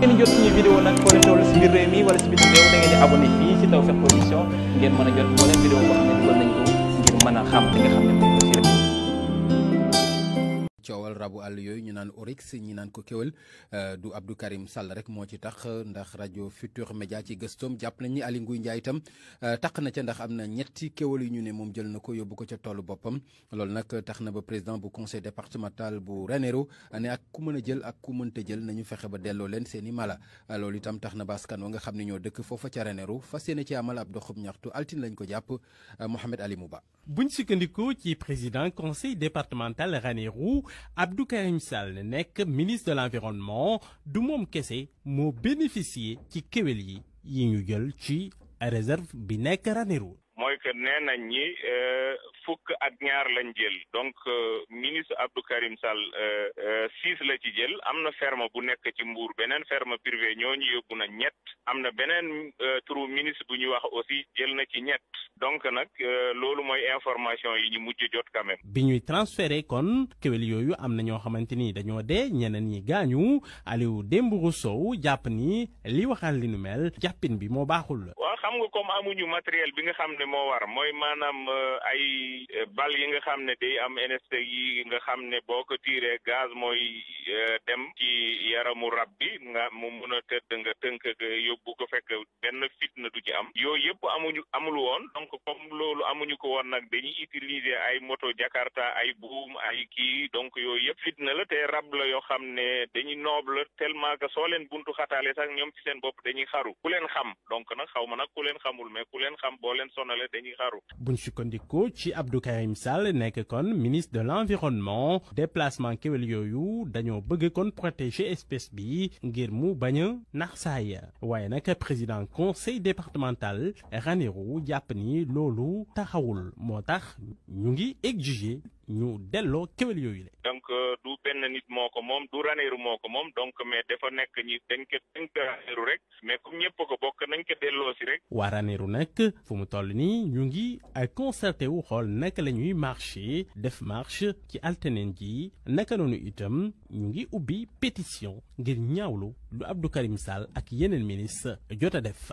ngeen jot suñu vidéo nag foo leen toll si biir réew mi wala si biir réew da ngeen di abonné fii si ngeen mën a jot moo leen vidéo boo xam ne dugal nañ ko ngir mën a xam coowal rabu àll yooyu ñu naan Oryx ñi naan ko kéwél euh, du Abdou Karim Sall rek moo ci tax ndax rajo Futur Média ci gëstoom jàpp nañ ni Aly Ngouille Ndiaye itam euh, tax na ca ndax am na ñetti kéwél yu ñu ne moom jël na ko yóbbu ko ca toolu boppam loolu nag tax na ba président bu conseil départemental bu Ranérou ne ak ku mën a jël ak ku mënta jël nañu fexe ba delloo leen seen i mala euh, lool itam tax na ba askan wa nga xam ne ñoo dëkk foofa ca Ranérou fa yéene ci amal ab doxub ñaxtu altine lañ ko jàpp Mouhamed Ali Mouba buñ sukkandiku ci président conseil départemental Ranérou Abdou Karim Sall nekk ministre de l'environnement du moom kese moo bénéficier ci kéwél yi yi ñu jël ci réserve bi nekk Ranérou mooy que nee ñi euh, fukk ak ñaar lañ jël donc euh, ministre Abdou Karim Sall euh, six la ci jël am na ferme bu nekk ci mbuur beneen ferme ñoo ñu yóbbu na ñett am na beneen turu ministre bu ñuy wax aussi jël na ci ñett donc nag loolu mooy information yi ñu mujj jot quand bi ñuy transféré kon kéwél yooyu am na ñoo xamante ni dañoo de ñeneen ñi gaañu Aliou Dembourou Sow jàpp ni li waxal li nu mel jàppin bi moo baaxul. waaw xam nga comme amuñu matériel bi mo war mooy maanaam euh, ay euh, bal yi nga xam ne day am NST yi nga xam ne boo ko tiiree gaz mooy euh, dem ci yaramu rab bi nga mu mun a tëdd nga tënk yóbbu fitna du ci am yooyu yëpp amuñu amul woon donc comme loolu amuñu ko woon nag dañuy utiliser ay moto jakarta ay buum ay kii donc yooyu yëpp fitna la te rab la yoo xam ne dañuy noble tellement que soo leen buntu xataale sax ñoom ci seen bopp dañuy xaru ku leen xam donc nag xaw ma nag ku leen xamul mais ku leen xam boo leen sonale dañuy xaru. buñ sukkandikoo ci Abdou Karim Sall nekk kon ministre de l'environnement déplacement kéwél yooyu dañoo bëgg kon protéger espèce bi ngir mu bañ a nax saay conseil départemental Ranérou jàpp ni loolu taxawul moo tax ñu ngi exiger ñu delloo kéwél yooyu la. donc euh, du benn nit moo ko moom du Ranérou moo ko moom donc mais dafa nekk ñi dañ ko dañ ko rek mais comme ñëpp ko bokk nañ ko delloo rek. waa Ranérou nag fu mu toll nii ñu ngi ay concerté wu xool naka la ñuy marché def marche ci alteneen ji naka noonu itam ñu ngi ubbi pétition ngir ñaawlu lu Abdou Karim ak yeneen ministre jot a def.